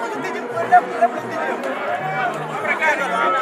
waxuñu tëjee lépp lépp lañ tëjee